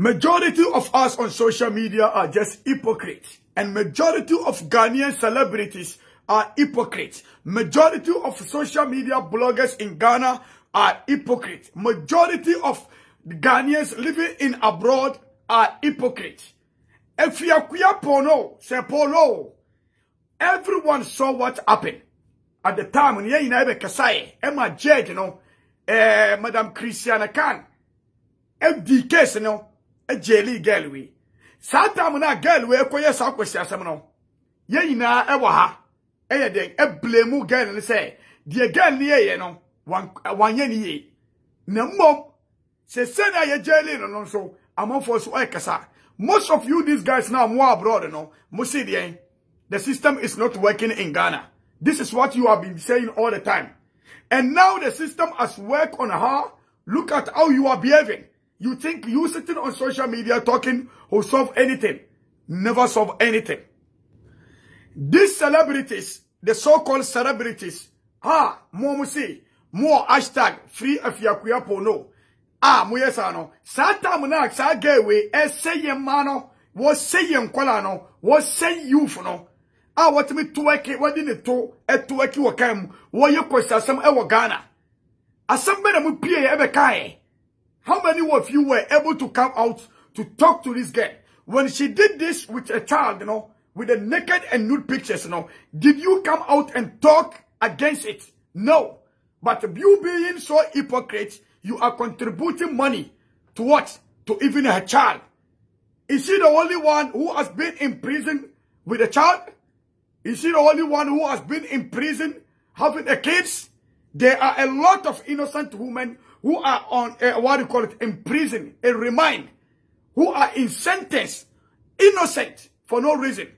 Majority of us on social media are just hypocrites. And majority of Ghanaian celebrities are hypocrites. Majority of social media bloggers in Ghana are hypocrites. Majority of Ghanaians living in abroad are hypocrites. Efiakuya Pono, Sepolo. Everyone saw what happened. At the time, when you know, Kasai, Emma Jade, you know, eh, Madam Christiana Khan, F D K, you know, a girl we saa time na girl we ekoye saa kwesi asem no ye nyina e wɔ ha e ye den e blame girl ne say the girl ne ye no wan wan ye ne ye na mom. se se na ye jeli no no so for su e kasa most of you these guys now more abroad no mo see the the system is not working in Ghana this is what you have been saying all the time and now the system has worked on her look at how you are behaving you think you sitting on social media talking will solve anything. Never solve anything. These celebrities, the so-called celebrities, ah, more musi, more hashtag free afiakuya pono. Ah, muyesa no. Sata muna sa gewe e eh, seye mano. Wo seye mkwala no. Wo seye youth no. Ah, what me tuweke, what dine to, e eh, tuweke wakem Wo ye kwesta asem e eh, wagana. Asem bena mu piye ebe kaye. How many of you were able to come out to talk to this girl? When she did this with a child, you know, with the naked and nude pictures, you know, did you come out and talk against it? No. But you being so hypocrite, you are contributing money to what? To even her child. Is she the only one who has been in prison with a child? Is she the only one who has been in prison having a kids? There are a lot of innocent women who are on, uh, what do you call it, in prison, in remand, who are in sentence, innocent, for no reason.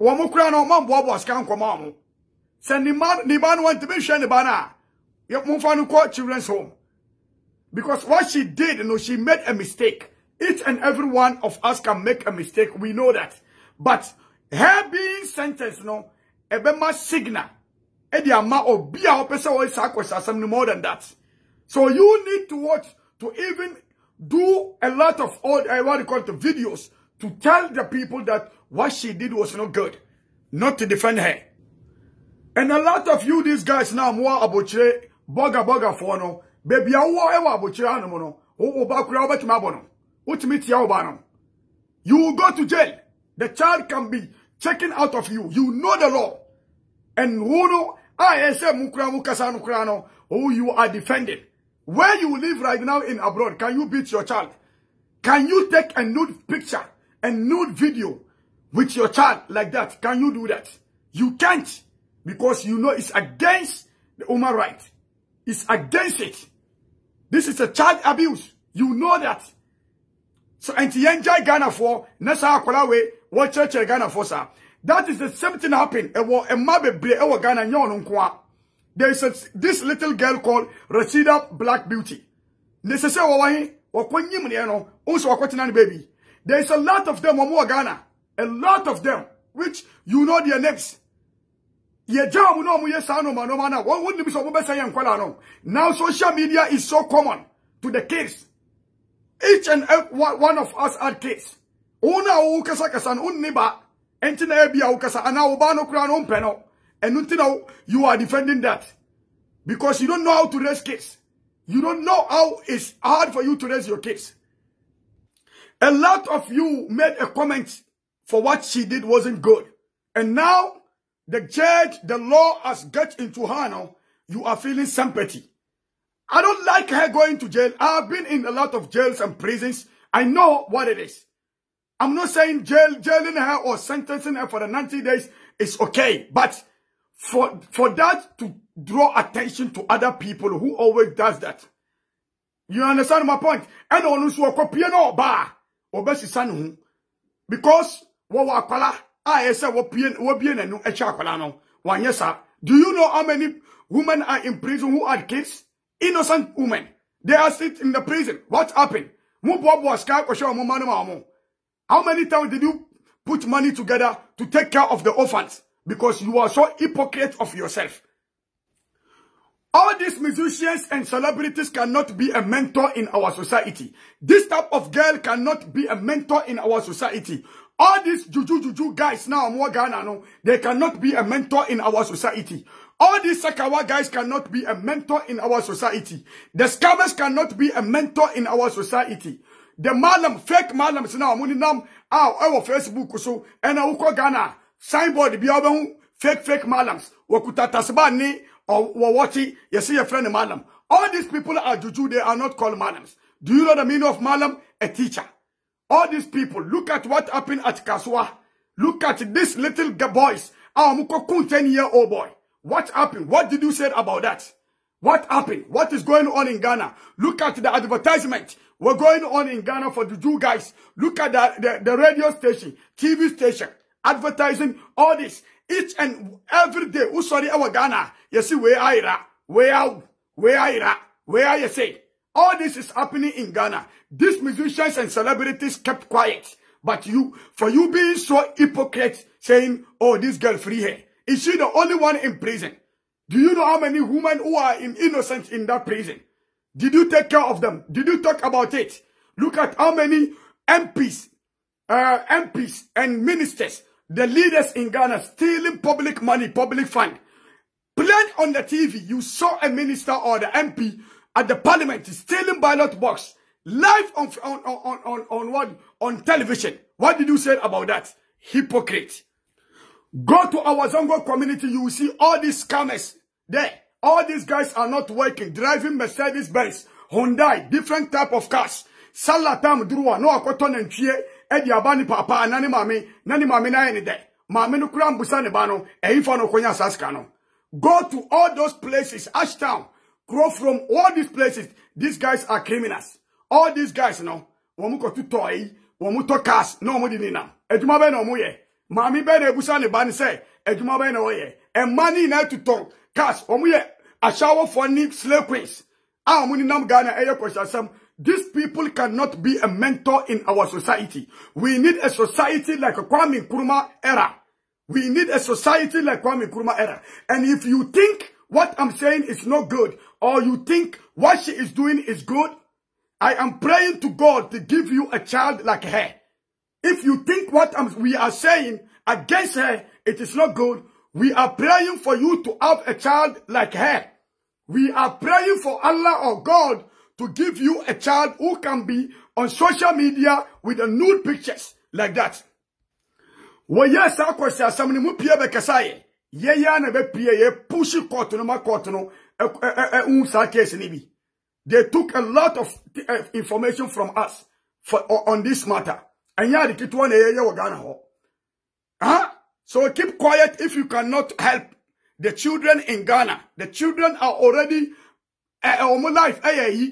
Wɔn kura na wɔn aboaboa sika nkɔmɔ wɔn. Sɛ ni man ni ba no wɔntumi nhwɛ ne ba no a, yɛ mofa children's home. Because what she did, you know, she made a mistake. Each and every one of us can make a mistake. We know that. But her being sentenced, you know, ebema signal. Edi ama obi a wɔpɛ sɛ wɔyɛ saa akɔhyɛ asɛm no more than that. So you need to watch to even do a lot of all I eh, want to call the videos to tell the people that what she did was not good, not to defend her. And a lot of you, these guys now, more abotre, boga boga for no, baby, I wa ewa abotre anomono, o obakura obetima bono, utimiti obano. You will go to jail. The child can be checking out of you. You know the law. And who know, I ah, say mukra mukasa nukrano, oh, you are defending. Where you live right now in abroad, can you beat your child? Can you take a nude picture, a nude video with your child like that? Can you do that? You can't because you know it's against the human right. It's against it. This is a child abuse. You know that. So anti enjoy Ghana for nessa Kolawe, what church Ghana for sir. That is the same thing happened. Ewo Emma it Ewo Ghana Nyon Nkwa there is a, this little girl called Rashida Black Beauty. baby. There is a lot of them, wamu Ghana. A lot of them, which you know their names. no wouldn't be so Now social media is so common to the kids. Each and every one of us are kids. Una ukasa kasan un niba. Entina ebi ukasa ana ubano kura no and until now, you are defending that. Because you don't know how to raise kids. You don't know how it's hard for you to raise your kids. A lot of you made a comment for what she did wasn't good. And now, the judge, the law has got into her now. You are feeling sympathy. I don't like her going to jail. I've been in a lot of jails and prisons. I know what it is. I'm not saying jail, jailing her or sentencing her for the 90 days is okay. But for for that to draw attention to other people who always does that. You understand my point? And on so copy no ba obesisa ne ho because wo wa akwala a ese wo pie wo bie nanu echa akwala no wanye sa. Do you know how many women are in prison who are kids? Innocent women. They are sit in the prison. What happened? Mu bobo aska ko mu manu ma mu. How many times did you put money together to take care of the orphans? because you are so hypocrite of yourself. All these musicians and celebrities cannot be a mentor in our society. This type of girl cannot be a mentor in our society. All these juju juju guys now, more Ghana, no, they cannot be a mentor in our society. All these Sakawa guys cannot be a mentor in our society. The scammers cannot be a mentor in our society. The malam, fake malams now, I'm ah, on Facebook, so, and our Ghana signboard bi obehun fake fake malams okuta tasba ni wawati yesi your friend malam all these people are juju they are not called malams do you know the meaning of malam a teacher all these people look at what happened at Kaswa look at this little boys our ah, mukokun 10 year old boy what happened what did you say about that what happened what is going on in Ghana look at the advertisement we're going on in Ghana for the Juju guys. Look at the, the, the radio station, TV station. advertising, all this. Each and every day, who sorry our Ghana, you see where I ra, where I, where I ra, where I say. All this is happening in Ghana. These musicians and celebrities kept quiet. But you, for you being so hypocrite, saying, oh, this girl free here. Is she the only one in prison? Do you know how many women who are in innocent in that prison? Did you take care of them? Did you talk about it? Look at how many MPs, uh, MPs and ministers the leaders in Ghana stealing public money, public fund. Played on the TV, you saw a minister or the MP at the parliament stealing ballot box live on, on, on, on, on, on on television. What did you say about that? Hypocrite. Go to our Zongo community, you will see all these scammers there. All these guys are not working, driving Mercedes-Benz, Hyundai, different type of cars. Salatam, Drua, Noakoton, ɛde aba ne papa na ne maame na na ayɛ ne dɛ maame no kura mbusa ne ba no ɛyifa no kɔnya saa sika no go to all those places Ash Town. grow from all these places these guys are criminals all these guys no wɔn kɔtu tɔɔ yi wɔn tɔ cars na wɔn de nenam adwuma bɛyɛ na wɔn yɛ maame bɛyɛ na ebusa ne ba no sɛ adwuma bɛyɛ na wɔyɛ mmaa ne nyinaa tutɔ cars wɔn yɛ ahyawɔfoɔ ne slay queens a wɔn nenam ghana ɛyɛ kɔhyɛsɛm These people cannot be a mentor in our society. We need a society like Kwame Nkrumah era. We need a society like Kwame Nkrumah era. And if you think what I'm saying is not good, or you think what she is doing is good, I am praying to God to give you a child like her. If you think what I'm, we are saying against her, it is not good. We are praying for you to have a child like her. We are praying for Allah or God to give you a child who can be on social media with the nude pictures like that. Wɔyɛ saa kwasi asam ne mu pie bɛkasa yɛ. Yɛyɛ na bɛpie yɛ pushi court no ma court no ɛhu saa case ne bi. They took a lot of eh, information from us for, on this matter. Ɛnyɛ ade ketewa na yɛyɛ wɔ Ghana hɔ. Huh? So keep quiet if you cannot help the children in Ghana. The children are already uh, uh, life. Uh, uh,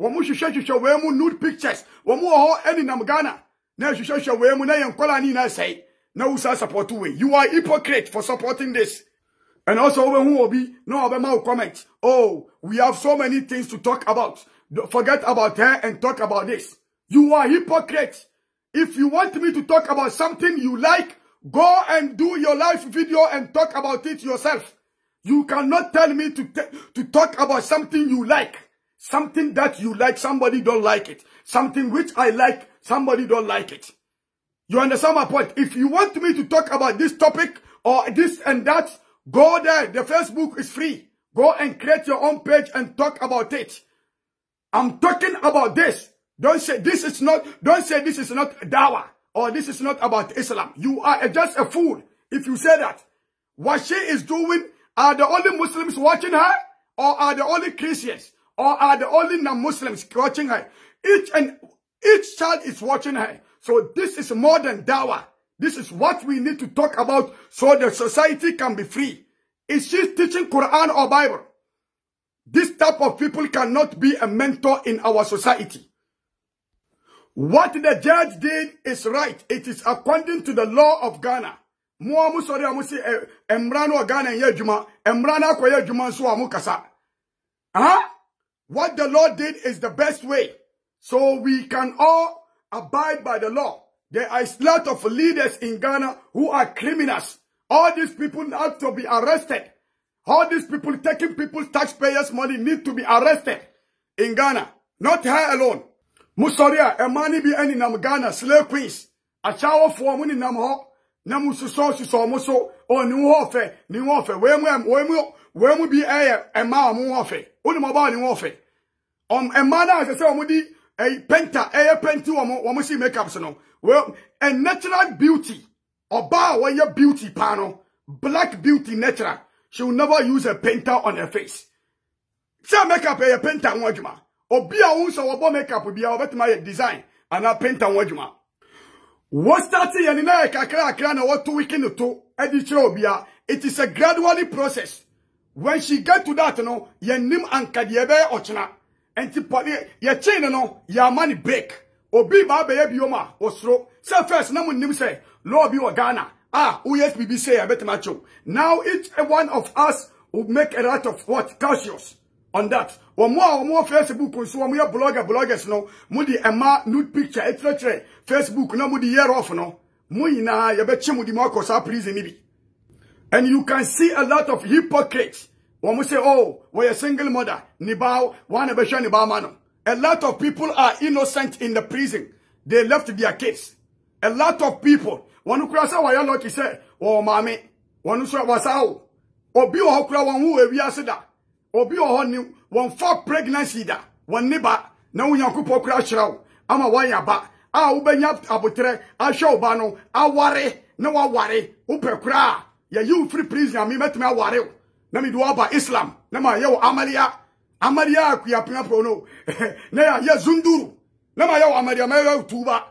wɔn hyehyɛ hyehyɛ wɔn mu nude pictures wɔn wɔ hɔ ɛnenam ghana na hyehyɛ hyehyɛ wɔn mu na yɛn nkɔla ne nyinaa sɛɛ na wusa support wei you are hypocrite for supporting this and also wɔn ho obi na wɔn bɛ ma comment oh we have so many things to talk about forget about her and talk about this you are hypocrite if you want me to talk about something you like go and do your live video and talk about it yourself you cannot tell me to to talk about something you like Something that you like, somebody don't like it. Something which I like, somebody don't like it. You understand my point? If you want me to talk about this topic or this and that, go there. The Facebook is free. Go and create your own page and talk about it. I'm talking about this. Don't say this is not, don't say this is not dawah or this is not about Islam. You are just a fool if you say that. What she is doing, are the only Muslims watching her or are the only Christians? or are the only non-Muslims watching her? Each and each child is watching her. So this is more than dawah. This is what we need to talk about so the society can be free. Is she teaching Quran or Bible? This type of people cannot be a mentor in our society. What the judge did is right. It is according to the law of Ghana. Muamu eh, emrano Ghana yejuma emrana kwa yejuma Huh? What the law did is the best way. So we can all abide by the law. There are a lot of leaders in Ghana who are criminals. All these people have to be arrested. All these people taking people's taxpayers' money need to be arrested in Ghana. Not her alone. Musoria, Emani bi any nam Ghana, slave queens. A shower for money nam ho. Namususo, Susomoso, or New Offer, New Offer, Wemwem, Wemwem. wɔn mu bi yɛ mmaa a wɔn wɔfɛ wɔn mu ɔbaa wɔn wɔfɛ ɔm mmaa naa sɛ sɛ wɔn di ɛyi eh, penta ɛyɛ eh, eh, penti wɔn wɔn si makeup so no wɔn a natural beauty ɔbaa a wɔyɛ beauty paa no black beauty natural she will never use a penta on her face sɛ makeup ɛyɛ penta wɔn adwuma obi a wɔn sɛ wɔbɔ makeup bi a wɔbɛtuma yɛ design anaa penta wɔn adwuma wọ́n start yẹn ní náà kakra kakra na wọ́n tó wíkì ní tó ẹ̀ di obi a it is a gradually process. When she get to that, no, ye nim anka diebe ochina. Enti poli, your chain no, your money break. Obi Baba be ye bioma, osro. Say first, namu nim say, law bi Ghana. Ah, who yes, BB say, I bet macho. Now each one of us will make a lot of what? Cautious on that. Or more or more Facebook, so we are blogger, bloggers, no. Mudi Emma nude picture, etc. Facebook, no, mudi year off, no. Muina, you bet you mudi Marcos are prison, maybe. And you can see a lot of hypocrites When we say, oh wɔyɛ single mother Nibao, one wɔn Nibao mano," a lot of people are innocent in the prison they left their kids a lot of people When wɔn kura sɛ wɔyɛ lucky sɛ wɔn oh, maame wɔn nso wɔsa o obi wɔ hɔ kura wɔn ho ewiase da obi wɔ hɔ ni wɔn fa pregnancy da wɔn ne ba na wɔn nyankopɔ kura ahyerɛ o ama wɔn yɛ ba a wobɛnya abotire ahwɛ ɔba no worry, na waware wopɛ koraa yɛyi wo firi prison met me aware o na mede wɔaba islam na ma yɛwɔ Amalia amaliya a kuapena porɔ no na yɛayɛ zunduru na ma yɛwɔ amaliya ma yɛyɛ tuuba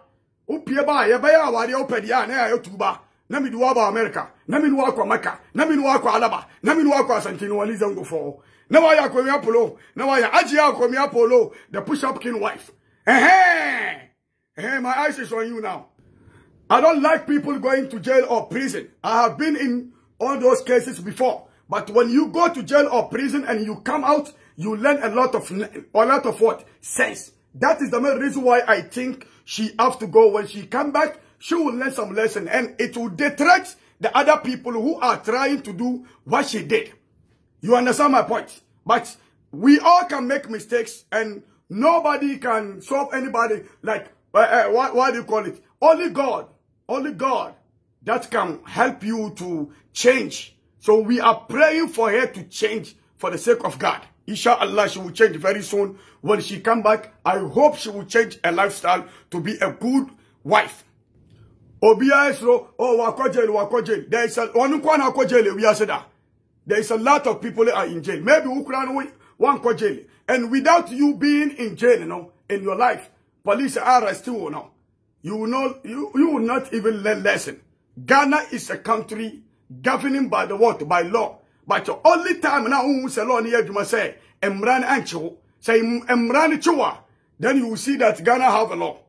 wopie ba a ya awadeɛ wopɛdeɛ a na yɛayɛ tuuba na mede wɔaba amerika na mene wɔakɔ maka na mene wɔakɔ alaba na mene wɔakɔ asantenoani zangofɔɔ na wayɛ akwamia polo na wayɛ agyea akwamia apolo the push-up king wife Hey, hey, my eyes is on you now. I don't like people going to jail or prison. I have been in all those cases before. But when you go to jail or prison and you come out, you learn a lot of a lot of what? Sense. That is the main reason why I think she have to go. When she come back, she will learn some lesson and it will detract the other people who are trying to do what she did. You understand my point? But we all can make mistakes and nobody can solve anybody like, uh, uh, what, what do you call it? Only God, only God that can help you to change so we are praying for her to change for the sake of God. Inshallah, she will change very soon. When she come back, I hope she will change her lifestyle to be a good wife. Obiaesro, oh, wako jail, wako jail. There is a, onukwana wako jail, we are There is a lot of people are in jail. Maybe Ukraine, one ko jail. And without you being in jail, you know, in your life, police arrest you, you know. You will not, you, you will not even learn lesson. Ghana is a country governing by the what? By law. But the only time now who say law say Emran Ancho, say Emran Chua, then you will see that Ghana have a law.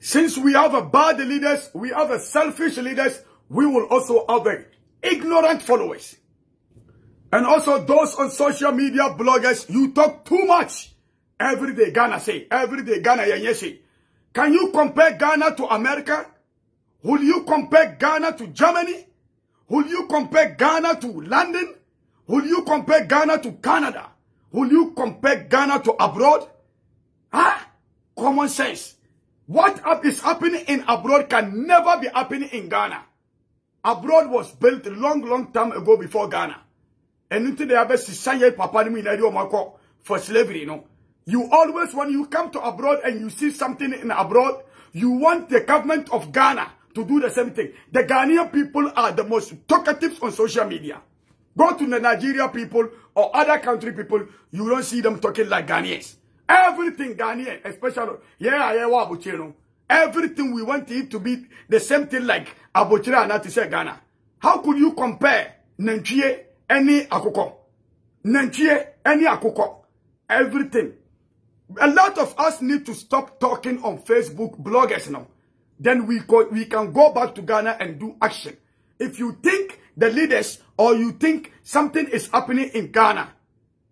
Since we have a bad leaders, we have a selfish leaders, we will also have a ignorant followers. And also those on social media bloggers, you talk too much. Every day Ghana say, every day Ghana say. Can you compare Ghana to America? Will you compare Ghana to Germany? Will you compare Ghana to London? Will you compare Ghana to Canada? Will you compare Ghana to abroad? Huh? Common sense. What is happening in abroad can never be happening in Ghana. Abroad was built long, long time ago before Ghana. And until they have a society, Papa, for slavery, you know. You always, when you come to abroad and you see something in abroad, you want the government of Ghana to do the same thing. The Ghanaian people are the most talkative on social media. Go to the Nigeria people or other country people, you don't see them talking like Ghanaians. Everything Ghanaian, especially, yeah, yeah, what you? Everything we want it to be the same thing like Abuchino and Atise Ghana. How could you compare Nantie any Akoko? Nantie any Akoko? Everything. A lot of us need to stop talking on Facebook bloggers now then we, we can go back to Ghana and do action. If you think the leaders or you think something is happening in Ghana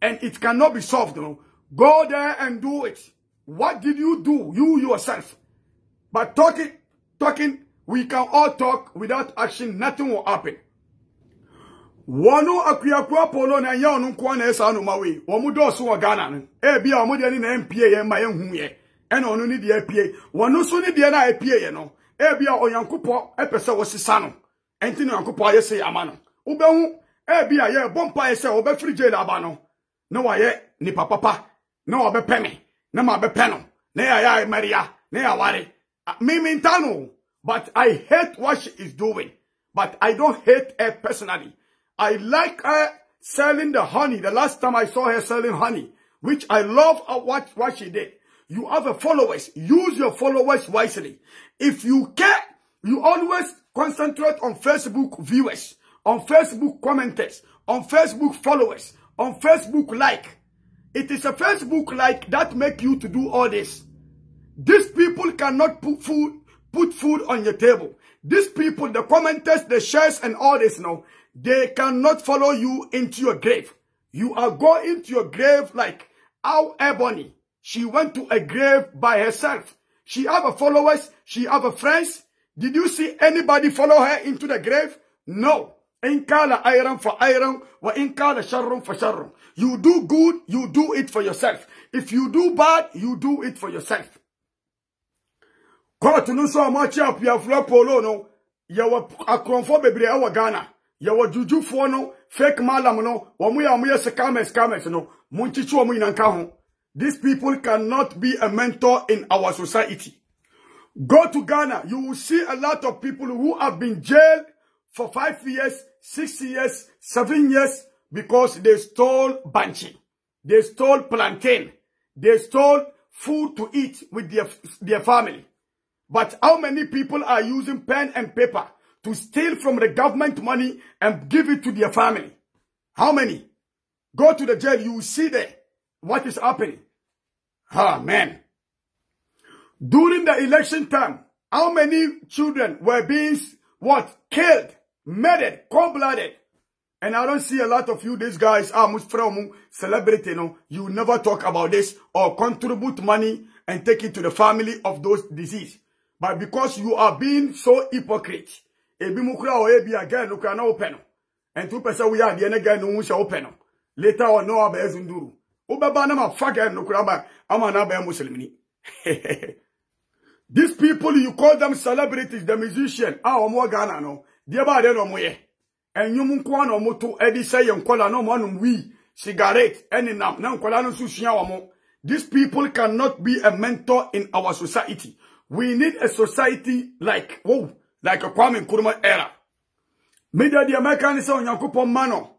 and it cannot be solved, go there and do it. What did you do, you yourself? But talking, talking, we can all talk without action, nothing will happen. wɔno kwa polo na ɛnyɛ ɔno nkoa na ɛsa no ma wei ɔmo dɔɔso ya ghana no eh, na ma ɛna ɔno ne deɛ apie wɔn nso ne deɛ no apie yɛ no ebi a ɔyankopɔ ɛpɛ sɛ wɔsesa no ɛnti ne ɔyankopɔ ayɛ sɛ ama no wobɛhu ebi a yɛbɔ mpa yɛ sɛ wɔbɛfiri jail aba no na wɔayɛ ni papa na wɔbɛpɛ me na ma bɛpɛ no na yɛayɛ mmaria na yɛaware me menta no but I hate what she is doing but I don't hate her personally I like her selling the honey the last time I saw her selling honey which I love uh, what, what she did you have a followers. Use your followers wisely. If you care, you always concentrate on Facebook viewers, on Facebook commenters, on Facebook followers, on Facebook like. It is a Facebook like that make you to do all this. These people cannot put food, put food on your table. These people, the commenters, the shares and all this now, they cannot follow you into your grave. You are going to your grave like our ebony. She went to a grave by herself. She have a followers. She have a friends. Did you see anybody follow her into the grave? No. In kala iron for iron, wa in kala sharon for sharon. You do good, you do it for yourself. If you do bad, you do it for yourself. Kọ́ọ̀tù ní sọ ọmọ ọchí àpìyàfúlọ́ polo no, yẹwọ akọ̀nfọ́ bèbèrè gana, Ghana, wa juju no, fake malam no, wɔn yɛ wɔn yɛ scammers no, mo chua wɔn nyina these people cannot be a mentor in our society. Go to Ghana. You will see a lot of people who have been jailed for five years, six years, seven years because they stole banchi, They stole plantain. They stole food to eat with their, their family. But how many people are using pen and paper to steal from the government money and give it to their family? How many? Go to the jail. You will see there what is happening. Ah, man. During the election time, how many children were being, what, killed, murdered, cold-blooded? And I don't see a lot of you, these guys, are ah, most from celebrity, you know, you never talk about this or contribute money and take it to the family of those deceased. But because you are being so hypocrite, ebi mukura ebi eh, again, look, open. And two percent we are the again, no, open. Later on, no, abezunduru. wobɛba na mafa ka nokora ba ama na abɛyɛ muslimni these people you call them celebrities the musician a ah, ɔmo ghana no deɛ baa deɛ na ɔmoyɛ ɛnwom nko a na ɔmoto adi sɛ yɛ nkɔla na ɔmoanom wii cigarette ɛne nam na nkɔla no nso sua wɔ these people cannot be a mentor in our society we need a society like whoa, like a Kwame Nkrumah era media deɛ mɛka ne sɛ onyankopɔn ma no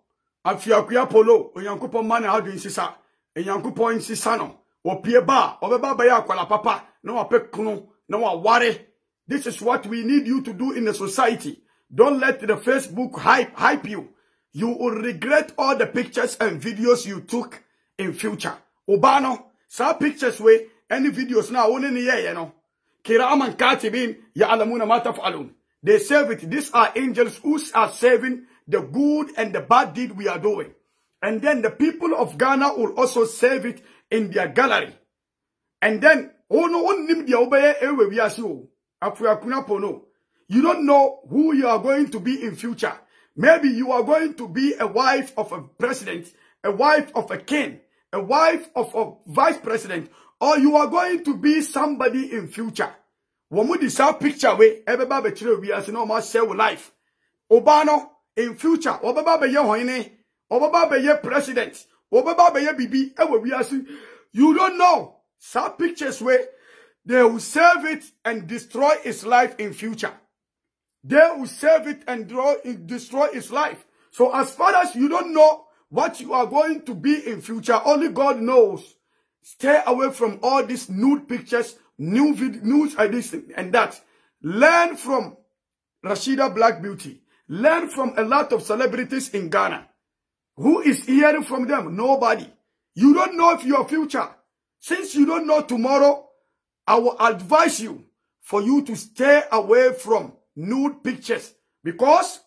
afiakoa polo onyankopɔn ma no adwen sisa enyankopɔn nsisa no wɔpie ba Obeba, ɔbɛba bɛyɛ akwala papa na wapɛ kunu na waware this is what we need you to do in the society don't let the facebook hype hype you you will regret all the pictures and videos you took in future Obano, sa pictures we, any videos na wɔn ne yɛyɛ no kiraman katibin ya'lamuna ma taf'alun they serve it these are angels who are serving the good and the bad deed we are doing And then the people of Ghana will also save it in their gallery. And then, oh no, nim dia obeye ewe wiasi o. You don't know who you are going to be in future. Maybe you are going to be a wife of a president, a wife of a king, a wife of a vice president, or you are going to be somebody in future. Womu di sa picture we ebeba be chire wiase na o ma share life. Obano in future, obeba be ye hoine Obaba beye president. Obaba beye bibi. Ewe eh, wiasi. You don't know. Some pictures where they will save it and destroy his life in future. They will save it and draw, destroy his life. So as far as you don't know what you are going to be in future, only God knows. Stay away from all these nude pictures, new news and this and that. Learn from Rashida Black Beauty. Learn from a lot of celebrities in Ghana. Who is hearing from them? Nobody. You don't know if your future. Since you don't know tomorrow, I will advise you for you to stay away from nude pictures because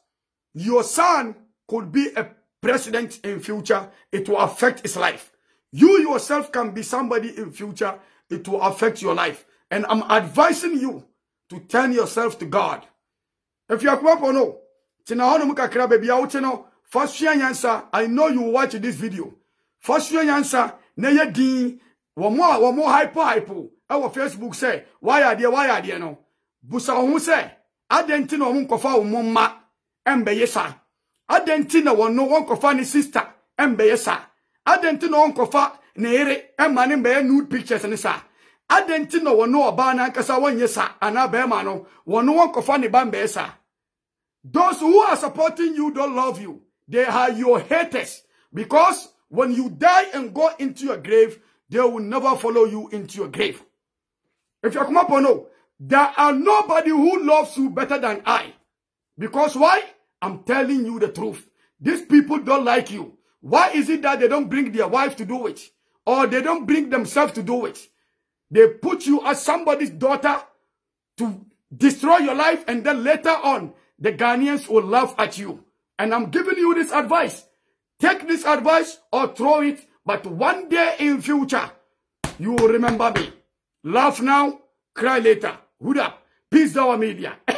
your son could be a president in future. It will affect his life. You yourself can be somebody in future. It will affect your life. And I'm advising you to turn yourself to God. If you are no, First year, Nyansa, I know you watch this video. First year, Fosua Nyansa, neye din, wamo, wamo hypo hypo. Our Facebook say, why are they, why are they no? Busa omu say, adenti no omu kofa omu ma, embe yesa. Adenti na wano wankofa ni sister, embe sa. Adenti na kofa ni ere, emma ni mbe nude pictures ni sa. Adenti na wano oba na ankasa sa anabe ma no, wano wankofa ni bambe sa. Those who are supporting you don't love you. They are your haters. Because when you die and go into your grave, they will never follow you into your grave. If you come up or no, there are nobody who loves you better than I. Because why? I'm telling you the truth. These people don't like you. Why is it that they don't bring their wife to do it? Or they don't bring themselves to do it? They put you as somebody's daughter to destroy your life and then later on, the Ghanaians will laugh at you. And I'm giving you this advice. Take this advice or throw it. But one day in future, you will remember me. Laugh now, cry later. Huda. Peace, our media.